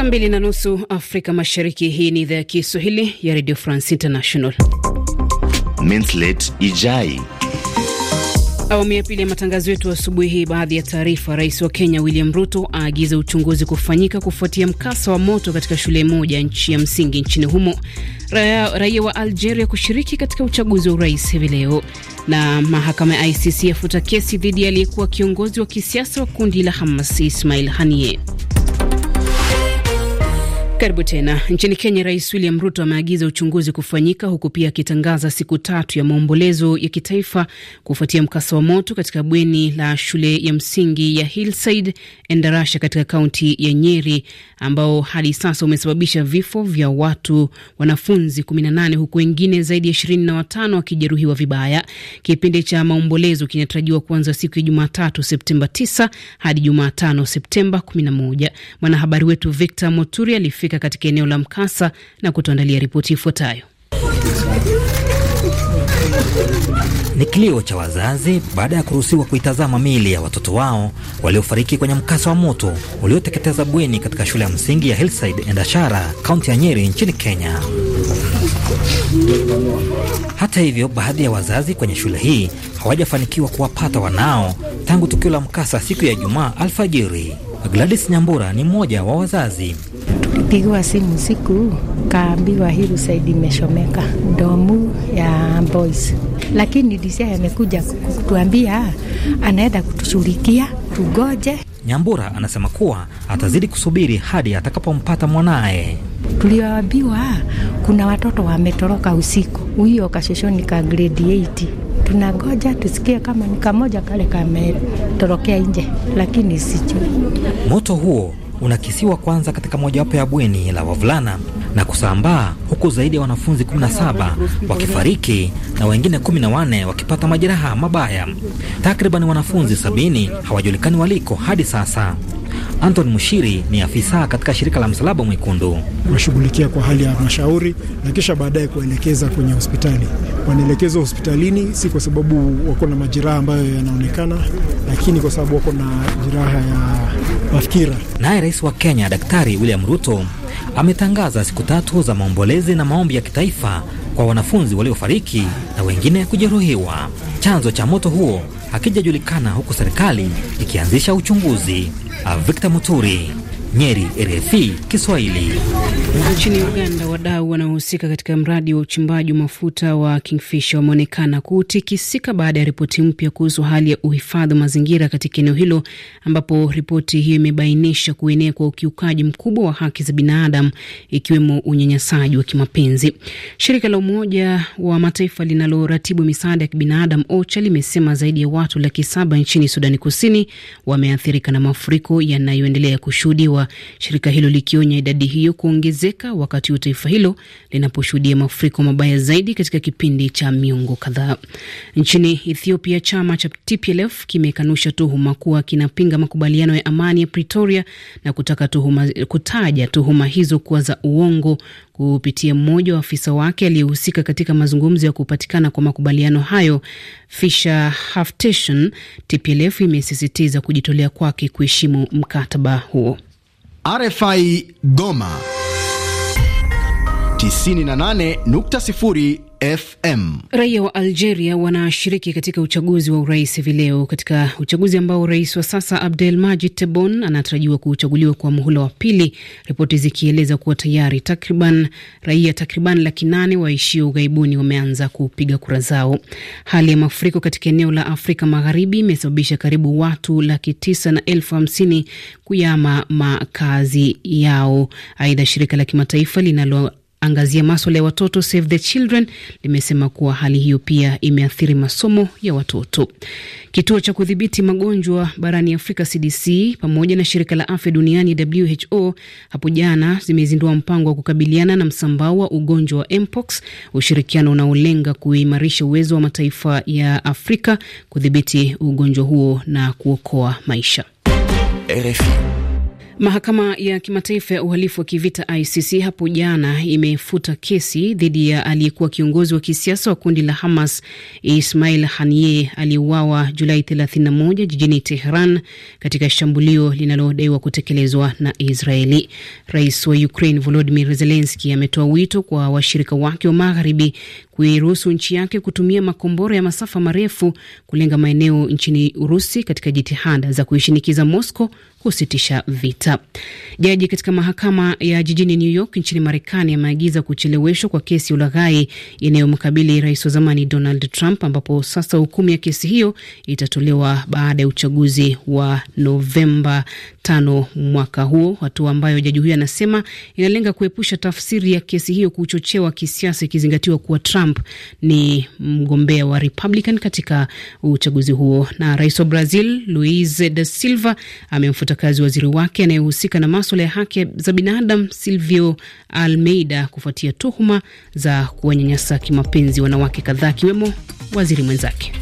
Saa mbili na nusu Afrika Mashariki. Hii ni idhaa ya Kiswahili ya Radio France International. Mintlet Ijai, awamu ya pili ya matangazo yetu asubuhi hii. Baadhi ya taarifa: Rais wa Kenya William Ruto aagiza uchunguzi kufanyika kufuatia mkasa wa moto katika shule moja nchi ya msingi nchini humo. Raia, raia wa Algeria kushiriki katika uchaguzi wa urais hivi leo, na mahakama ya ICC yafuta kesi dhidi ya aliyekuwa kiongozi wa kisiasa wa kundi la Hamas Ismail Haniyeh. Karibu tena nchini Kenya. Rais William Ruto ameagiza uchunguzi kufanyika huku pia akitangaza siku tatu ya maombolezo ya kitaifa kufuatia mkasa wa moto katika bweni la shule ya msingi ya Hillside Endarasha katika kaunti ya Nyeri ambao hadi sasa umesababisha vifo vya watu wanafunzi 18 huku wengine zaidi ya 25 wakijeruhiwa vibaya. Kipindi cha maombolezo kinatarajiwa kuanza siku ya Jumatatu Septemba 9 hadi Jumatano Septemba 11. Mwanahabari wetu Victor Moturi alifika kufika katika eneo la mkasa na kutuandalia ripoti ifuatayo. Ni kilio cha wazazi baada ya kuruhusiwa kuitazama miili ya watoto wao waliofariki kwenye mkasa wa moto ulioteketeza bweni katika shule ya msingi ya Hillside Endashara, kaunti ya Nyeri nchini Kenya. Hata hivyo, baadhi ya wazazi kwenye shule hii hawajafanikiwa kuwapata wanao tangu tukio la mkasa siku ya Ijumaa alfajiri. Gladys Nyambura ni mmoja wa wazazi. Nilipigiwa simu siku kaambiwa hiru saidi imeshomeka domu ya boys, lakini disia yamekuja kutuambia anaenda kutushughulikia, tugoje. Nyambura anasema kuwa atazidi kusubiri hadi atakapompata mwanaye. Tulioambiwa kuna watoto wametoroka usiku, huyo kashoshoni ka grade 8 tunagoja tusikie kama ni kamoja kale kametorokea nje, lakini sijui. Moto huo unakisiwa kwanza katika mojawapo ya bweni la wavulana na kusambaa huku zaidi ya wanafunzi 17 wakifariki na wengine 14 wakipata majeraha mabaya. Takriban wanafunzi sabini hawajulikani waliko hadi sasa anton Mushiri ni afisa katika shirika la Msalaba Mwekundu. Tunashughulikia kwa hali ya mashauri na kisha baadaye kuelekeza kwenye hospitali. Wanaelekezwa hospitalini, si kwa sababu wako na majeraha ambayo yanaonekana, lakini kwa sababu wako na jeraha ya mafikira. Naye rais wa Kenya Daktari William Ruto ametangaza siku tatu za maombolezi na maombi ya kitaifa kwa wanafunzi waliofariki na wengine kujeruhiwa. Chanzo cha moto huo hakijajulikana, huku serikali ikianzisha uchunguzi. Victor Muturi, Nyeri, RFI Kiswahili. Nchini Uganda, wadau wanaohusika katika mradi wa uchimbaji wa mafuta wa Kingfisher wameonekana kutikisika baada ya ripoti mpya kuhusu hali ya uhifadhi wa mazingira katika eneo hilo, ambapo ripoti hiyo imebainisha kuenea kwa ukiukaji mkubwa wa haki za binadamu, ikiwemo unyanyasaji wa kimapenzi. Shirika la Umoja wa Mataifa linaloratibu misaada ya kibinadamu OCHA limesema zaidi ya watu laki saba nchini Sudani Kusini wameathirika na mafuriko yanayoendelea kushuhudiwa mvua, shirika hilo likionya idadi hiyo kuongezeka wakati taifa hilo linaposhuhudia mafuriko mabaya zaidi katika kipindi cha miongo kadhaa. Nchini Ethiopia, chama cha TPLF kimekanusha tuhuma kuwa kinapinga makubaliano ya amani ya Pretoria na kutaka tuhuma, kutaja tuhuma hizo kuwa za uongo kupitia mmoja wa afisa wake aliyehusika katika mazungumzo ya kupatikana kwa makubaliano hayo, Fisher Haftation. TPLF imesisitiza kujitolea kwake kuheshimu mkataba huo. RFI Goma 98.0 FM. Raia wa Algeria wanashiriki katika uchaguzi wa urais hivi leo, katika uchaguzi ambao rais wa sasa abdel maji tebon anatarajiwa kuchaguliwa kwa muhula wa pili, ripoti zikieleza kuwa tayari takriban raia takriban laki nane waishio ughaibuni wameanza kupiga kura zao. Hali ya mafuriko katika eneo la Afrika Magharibi imesababisha karibu watu laki tisa na elfu hamsini kuyama makazi yao. Aidha, shirika la kimataifa linalo angazia maswala ya watoto Save the Children limesema kuwa hali hiyo pia imeathiri masomo ya watoto. Kituo cha kudhibiti magonjwa barani Afrika CDC pamoja na shirika la afya duniani WHO hapo jana zimezindua mpango wa kukabiliana na msambao wa ugonjwa wa mpox, ushirikiano unaolenga kuimarisha uwezo wa mataifa ya Afrika kudhibiti ugonjwa huo na kuokoa maisha. RFI. Mahakama ya kimataifa ya uhalifu wa kivita ICC hapo jana imefuta kesi dhidi ya aliyekuwa kiongozi wa kisiasa wa kundi la Hamas Ismail Haniyeh aliyeuawa Julai 31 jijini teheran katika shambulio linalodaiwa kutekelezwa na Israeli. Rais wa Ukraine Volodymyr Zelensky ametoa wito kwa washirika wake wa magharibi kuiruhusu nchi yake kutumia makombora ya masafa marefu kulenga maeneo nchini Urusi katika jitihada za kuishinikiza Moscow kusitisha vita sita. Jaji katika mahakama ya jijini New York nchini Marekani ameagiza kucheleweshwa kwa kesi ya ulaghai inayomkabili rais wa zamani Donald Trump, ambapo sasa hukumu ya kesi hiyo itatolewa baada ya uchaguzi wa Novemba tano mwaka huo, hatua ambayo jaji huyo anasema inalenga kuepusha tafsiri ya kesi hiyo kuchochewa kisiasa, ikizingatiwa kuwa Trump ni mgombea wa Republican katika uchaguzi huo. Na rais wa Brazil Luiz da Silva amemfuta kazi waziri wake anaye anayehusika na maswala ya haki za binadamu Silvio Almeida kufuatia tuhuma za kuwanyanyasa kimapenzi wanawake kadhaa, akiwemo waziri mwenzake.